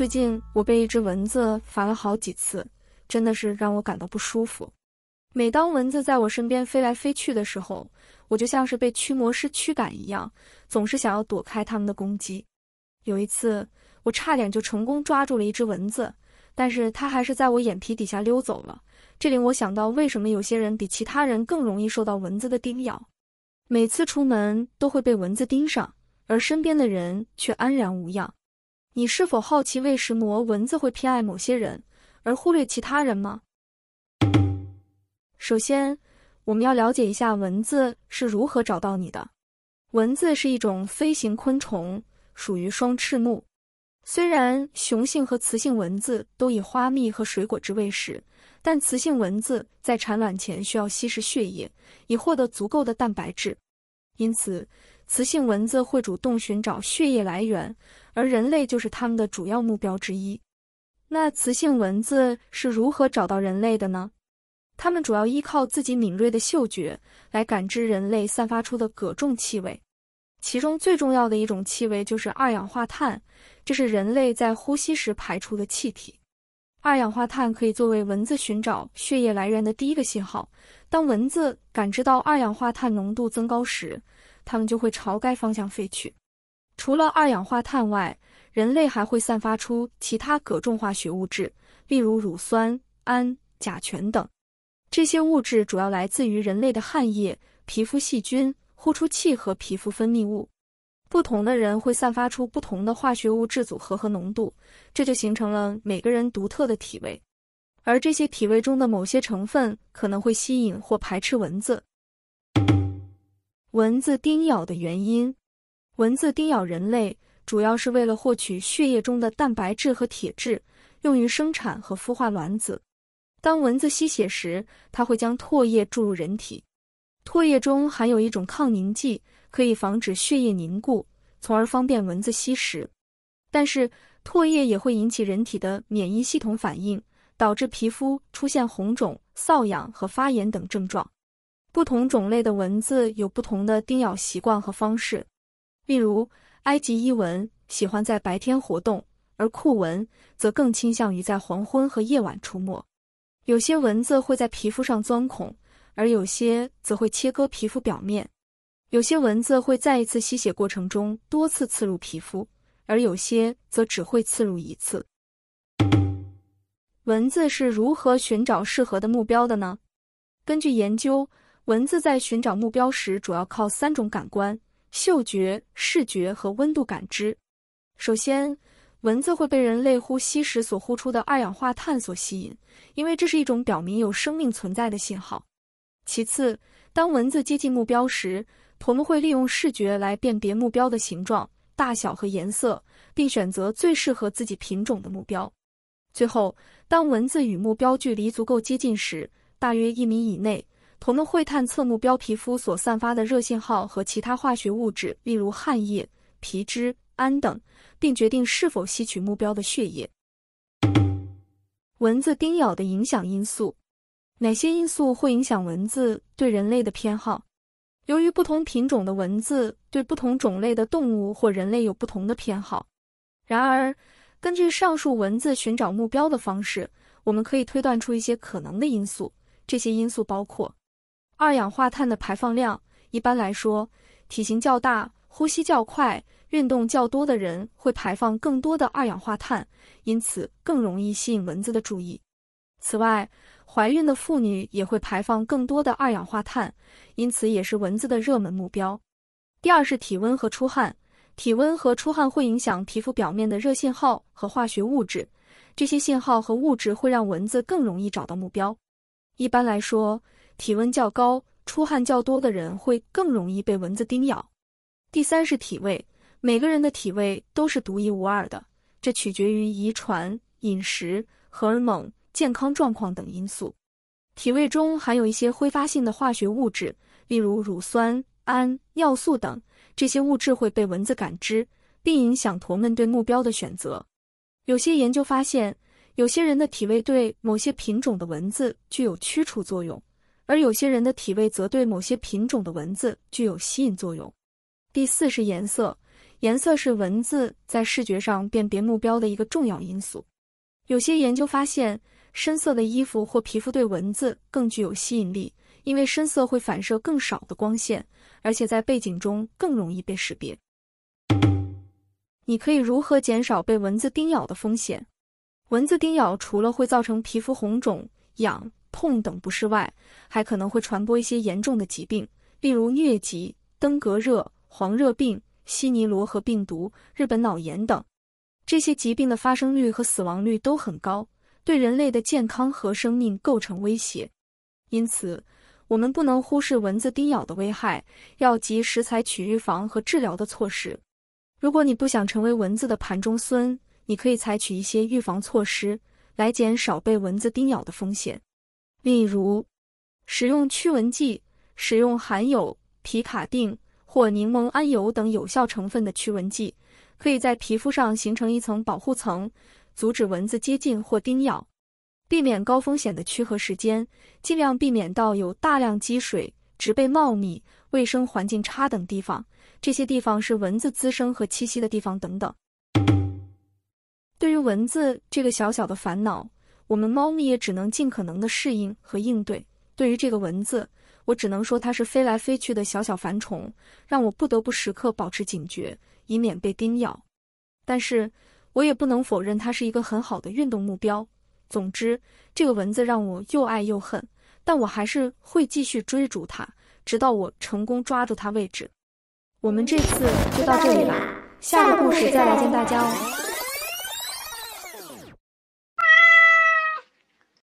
最近我被一隻蚊子煩了好幾次，真的是讓我感到不舒服。每當蚊子在我身邊飛來飛去的時候，我就像是被驅魔師驅趕一樣，總是想要躲開它們的攻擊。有一次，我差點就成功抓住了一隻蚊子，但是它還是在我眼皮底下溜走了。這令我想到，為什麼有些人比其他人更容易受到蚊子的叮咬？每次出門都會被蚊子盯上，而身邊的人卻安然無恙。你是否好奇，為什麼蚊子會偏愛某些人，而忽略其他人嗎？首先，我們要了解一下蚊子是如何找到你的。蚊子是一種飛行昆蟲，屬於雙翅目。雖然雄性和雌性蚊子都以花蜜和水果汁為食，但雌性蚊子在產卵前需要吸食血液，以獲得足夠的蛋白質。因此，雌性蚊子會主動尋找血液來源。而人類就是它們的主要目標之一。那雌性蚊子是如何找到人類的呢？它們主要依靠自己敏銳的嗅覺來感知人類散發出的各種氣味，其中最重要的一種氣味就是二氧化碳，這是人類在呼吸時排出的氣體。二氧化碳可以作為蚊子尋找血液來源的第一個信號。當蚊子感知到二氧化碳濃度增高時，它們就會朝該方向飛去。除了二氧化碳外，人類還會散發出其他各種化學物質，例如乳酸、氨、甲醛等。這些物質主要來自於人類的汗液、皮膚細菌、呼出氣和皮膚分泌物。不同的人會散發出不同的化學物質組合和濃度，這就形成了每個人獨特的體味。而這些體味中的某些成分可能會吸引或排斥蚊子。蚊子叮咬的原因。蚊子叮咬人類主要是為了獲取血液中的蛋白質和鐵質，用於生產和孵化卵子。當蚊子吸血時，它會將唾液注入人體。唾液中含有一種抗凝劑，可以防止血液凝固，從而方便蚊子吸食。但是，唾液也會引起人體的免疫系統反應，導致皮膚出現紅腫、瘙癢和發炎等症狀。不同種類的蚊子有不同的叮咬習慣和方式。例如，埃及伊蚊喜歡在白天活動，而庫蚊則更傾向於在黃昏和夜晚出沒。有些蚊子會在皮膚上鑽孔，而有些則會切割皮膚表面。有些蚊子會在一次吸血過程中多次刺入皮膚，而有些則只會刺入一次。蚊子是如何尋找適合的目標的呢？根據研究，蚊子在尋找目標時主要靠三種感官。嗅覺、視覺和溫度感知。首先，蚊子會被人類呼吸時所呼出的二氧化碳所吸引，因為這是一種表明有生命存在的信號。其次，當蚊子接近目標時，我們會利用視覺來辨別目標的形狀、大小和顏色，並選擇最適合自己品種的目標。最後，當蚊子與目標距離足夠接近時（大約一米以內）。它們會探測目標皮膚所散發的熱信號和其他化學物質，例如汗液、皮脂、氨等，並決定是否吸取目標的血液。 蚊子叮咬的影響因素：哪些因素會影響蚊子對人類的偏好？由於不同品種的蚊子對不同種類的動物或人類有不同的偏好，然而根據上述蚊子尋找目標的方式，我們可以推斷出一些可能的因素。這些因素包括：二氧化碳的排放量，一般來說，體型較大、呼吸較快、運動較多的人會排放更多的二氧化碳，因此更容易吸引蚊子的注意。此外，懷孕的婦女也會排放更多的二氧化碳，因此也是蚊子的熱門目標。第二是體溫和出汗，體溫和出汗會影響皮膚表面的熱信號和化學物質，這些信號和物質會讓蚊子更容易找到目標。一般來說，體溫較高、出汗較多的人會更容易被蚊子叮咬。第三是體味，每個人的體味都是獨一無二的，這取決於遺傳、飲食、荷爾蒙、健康狀況等因素。體味中含有一些揮發性的化學物質，例如乳酸、氨、尿素等，這些物質會被蚊子感知，並影響它們對目標的選擇。有些研究發現，有些人的體味對某些品種的蚊子具有驅除作用。而有些人的體味則對某些品種的蚊子具有吸引作用。第四是顏色，顏色是蚊子在視覺上辨別目標的一個重要因素。有些研究發現，深色的衣服或皮膚對蚊子更具有吸引力，因為深色會反射更少的光線，而且在背景中更容易被識別。你可以如何減少被蚊子叮咬的風險？蚊子叮咬除了會造成皮膚紅腫、癢，痛等不適外，還可能會傳播一些嚴重的疾病，例如瘧疾、登革熱、黃熱病、西尼羅河病毒、日本腦炎等。這些疾病的發生率和死亡率都很高，對人類的健康和生命構成威脅。因此，我們不能忽視蚊子叮咬的危害，要及時採取預防和治療的措施。如果你不想成為蚊子的盤中餐，你可以採取一些預防措施來減少被蚊子叮咬的風險。例如，使用驅蚊劑，使用含有皮卡定或檸檬桉油等有效成分的驅蚊劑，可以在皮膚上形成一層保護層，阻止蚊子接近或叮咬。避免高風險的區和時間，盡量避免到有大量積水、植被茂密、衛生環境差等地方，這些地方是蚊子滋生和棲息的地方等等。對於蚊子這個小小的煩惱。我們貓咪也只能盡可能的適應和應對。對於這個蚊子，我只能說它是飛來飛去的小小凡蟲，讓我不得不時刻保持警覺，以免被叮咬。但是，我也不能否認它是一個很好的運動目標。總之，這個蚊子讓我又愛又恨，但我還是會繼續追逐它，直到我成功抓住它為止。我們這次就到這裡了，下個故事再來見大家哦。